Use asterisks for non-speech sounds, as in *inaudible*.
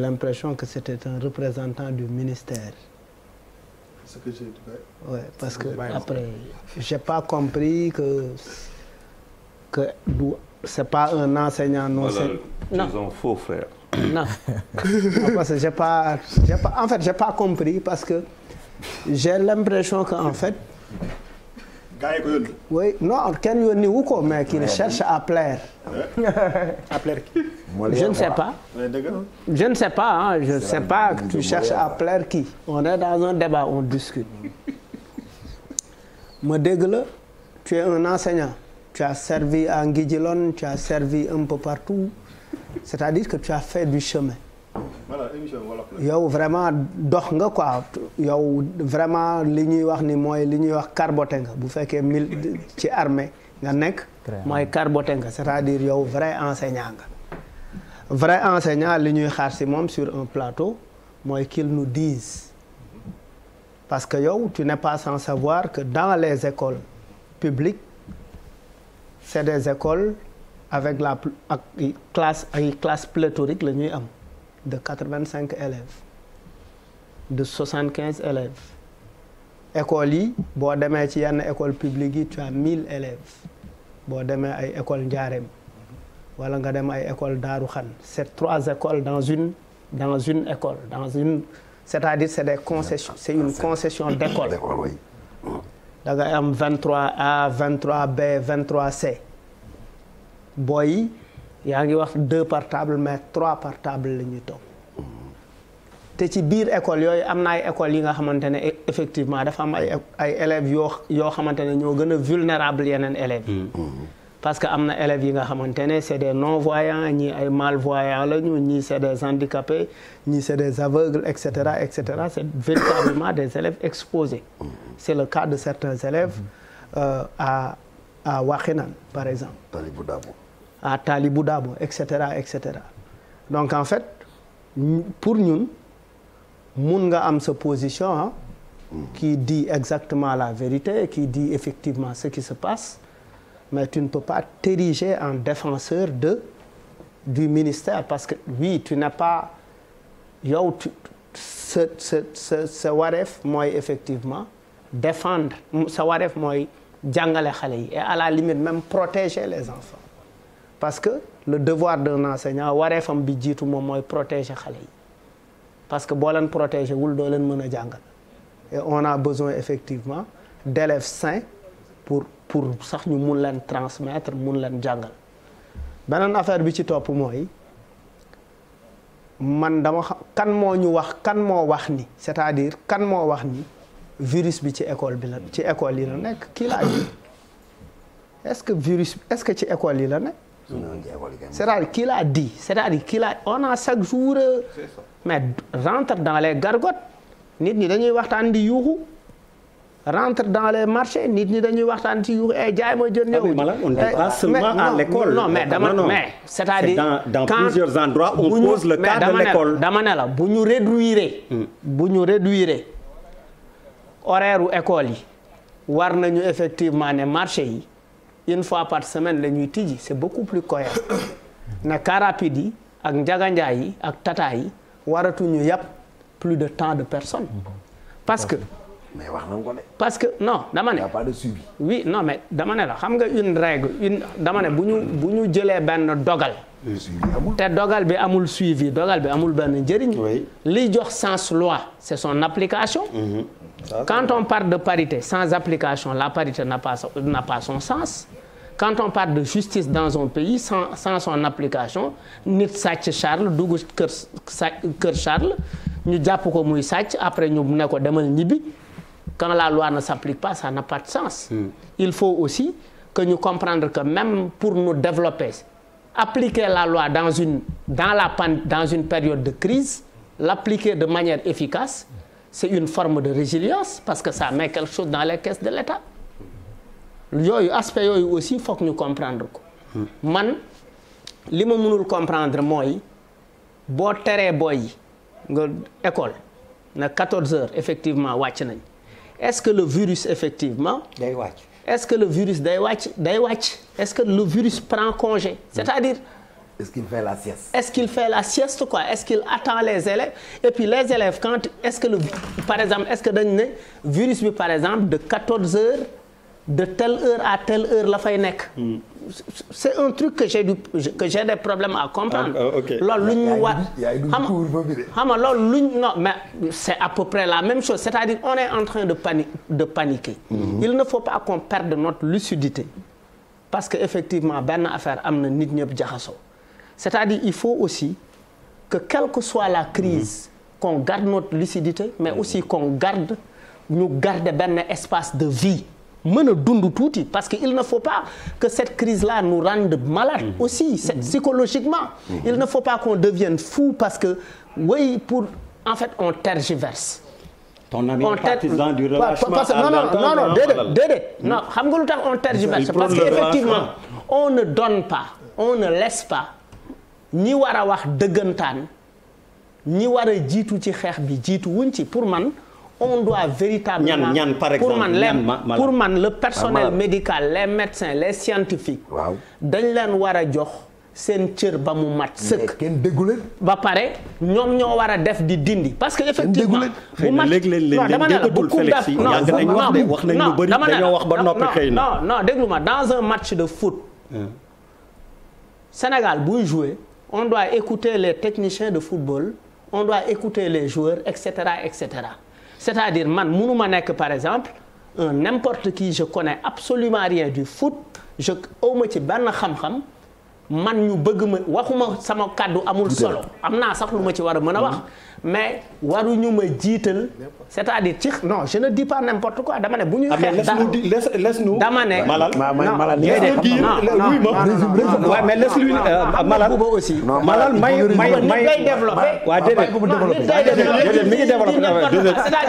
l'impression que c'était un représentant du ministère. Ce que j'ai dit. Ouais, parce que après, j'ai pas compris que que c'est pas un enseignant non voilà, non. Ils ont faux frère. *coughs* Non. *coughs* non. parce que j'ai pas j'ai pas en fait, j'ai pas compris parce que j'ai l'impression que en fait Oui, non, kenn yónni wu ko mais qu'il cherche à plaire. *laughs* À plaire qui? je ne sais pas je ne sais pas hein, je tu cherches à plaire kii on est dans un débat on discute ma dégg la tu es un enseignant tu as servi à Ngidjilone tu as servi un peu partout c'est-à-dire que tu as fait du chemin yow vraiment dox nga quoi yow vraiment li ñuy wax ni mooy li ñuy wax carboté nga bu fekkee mil ci armée nga nekk mooy carboté nga c'est-à-dire yow vrai enseignant nga vrai enseignant li ñuy xaar ci moom sur un plateau mooy qu'il nous dise parce que yow tu n'es pas sans savoir que dans les écoles publiques c'est des écoles avec la ak classe ay classe pléthorique la ñuy am de quatre-vingt-cinq élèves de soixante-quinze élèves écoles yi boo demee ci yenn école publique yi tu as mille élèves boo demee ay école njaareem wala nga dem ay école daaru xan c'est trois écoles dans une dans une école dans une c'est-à-dire c'est des concessions c'est une concession d'école da ngay am 23A 23B 23C booy yi yaa ngi wax deux par mais trois par table la ñuy toog te ci biir école yooyu am na ay écoles yi nga xamante ne e-, effectivement dafa am ay élèves yoo yoo xamante ne ñoo gën a vulnérable yeneen élèves yi mm-hmm. parce que am na élèves yi nga xamante ne c' est des non voyants ñii ay malvoyants la ñu ñii c' est des handicapés ñii c' est des aveugles et cetera et cetera c' est des élèves exposés c' est le cas de certains élèves euh, à à Wakhinane par exemple. Talibou Dabo. à Talibou Dabo et cetera et cetera donc en fait pour ñun mun nga am sa position ah. qui dit exactement la vérité qui dit effectivement ce qui se passe. mais tu ne peux pas t'ériger en défenseur de du ministère parce que oui tu n'as pas yow sa sa sa sa wareef mooy effectivement défendre sa wareef mooy jàngale xale yi et à la limite même protéger les enfants parce que le devoir d'un enseignant wareefam bi jiitu moom mooy protéger xale yi parce que boo leen protéger wul doo leen mën a jàngal et on a besoin effectivement d'élèves sains pour pour sax ñu mun leen transmettre mun leen jàngal beneen affaire bi ci topp mooy man dama xam kan moo ñu wax kan moo wax ni c'est-à-dire kan moo wax ni virus bi ci école bi la ci école yi la nekk kii laa est-ce que virus est-ce que ci école yi la nekk. cest à di c'est-à-dire on a chaque jour mais rentre dans les gargotes nit ñi dañuy waxtaan di yuuxu. rentre dans les marchés nit ñi dañuy waxtaan ci yu ay eh, jaay ma jën ñëw. on eh, à l'école. non mais ah, mais c'est-à-dire. dans plusieurs endroits on pose le cas de l'école dama ne la bu ñu réduire. Hmm. bu ñu réduire horaire u école yi war nañu effectivement ne marché yi une fois par semaine la ñuy tijji c'est beaucoup plus cohérent *coughs* ne car yi ak njaganjaay yi ak tata yi waratuñu yàpp plus de temps de personnes hmm. parce que. mais wax parce que no dama ne. y a pas de la xam nga une règle une dama ne bu ñu bu ñu jëlee benn dogal. te dogal bi amul suivi dogal bi amul benn njëriñ. li jox sens loi c'est son application. Mhm. quand par de parité sans application la parité n'a pas n'a pas son sens. quand on parle de justice dans un pays sans sans son application nit sàcc Charles dugg kër kër Charles ñu jàpp ko muy sàcc après ñu ne ko demal ñibbi. quand la loi ne s'applique pas, ça n'a pas de sens. Hmm. Il faut aussi que ñu comprendre que même pour nous développer, appliquer la loi dans une, dans la, dans une période de crise, l'appliquer de manière efficace, c'est une forme de résilience parce que ça met quelque chose dans les caisses de l'État. yooyu aspect yooyu aussi foog ñu comprendre ko. Hmm. man li ma mënul comprendre mooy boo teree booy yi nga école na 14 heures effectivement wàcc nañ. est-ce que le virus effectivement. day wàcc est-ce que le virus day wàcc day est-ce que le virus prend congé. c'est-à-dire. est-ce qu'il fait la sieste. est-ce qu'il fait quoi est-ce qu'il attend les élèves et puis les élèves quand est-ce que le par exemple est-ce que dañ ne virus bi par exemple de 14 heures. de telle heure à telle heure la fay nekk. Hmm. c'est un truc que j'ai du que j'ai des problèmes à comprendre. Ah, loolu lu ñu war xam lool loolu lu ñu non mais c'est à peu près la même chose c'est-à-dire on est en train de panique de paniquer. Mm-hmm. il ne faut pas qu'on perde notre lucidité parce que effectivement benn affaire am na nit ñëpp jaxasoo c'est-à-dire il faut aussi que quelle que soit la crise mm-hmm. qu'on garde notre lucidité mais hmm. aussi qu'on garde ñu garder benn espace de vie. mën a dund tuuti parce que il ne faut pas que cette crise la nous rende malades mm. aussi c'est mm. psychologiquement mm. il ne faut pas qu'on devienne fou parce que oui pour en fait on tergiverse ton ami on partisan du relâchement que non non on tergiverse parce que effectivement on ne donne pas on ne laisse pas ñi war a wax dëggantaan ñi war a jiitu ci xeex bi jiitu wuñ ci pour man on doit véritablement ñan ñan par exemple pour man le man le personnel médical les médecins les scientifiques. waaw dañ leen war a jox. seen cër ba mu mat sëkk. kenn déggu ba pare ñoom ñoo war a def di dindi. parce que effectivement bu mat non dama ne la bu coupe d'Afrique non non dama ne la non non déglu ma dans un match de foot. Sénégal buy jouer on doit écouter les technicien de football on doit écouter les joueurs et cetera et cetera. c'est-à-dire man mënuma nekk par exemple un n'importe qui je connais absolument rien du foot je awma ci benn xam-xam man ñu bëgg ma waxuma sama kàddu amul solo am naa sax lu ma ci war a mën a wax mm-hmm. mais waruñu ma jiital c'est-à-dire ci non je ne dis pas n'importe quoi dama ne bu ñuy ah, xeex dama ne malal mais laisse lui euh, malal buuba aussi malal may may may développé waaw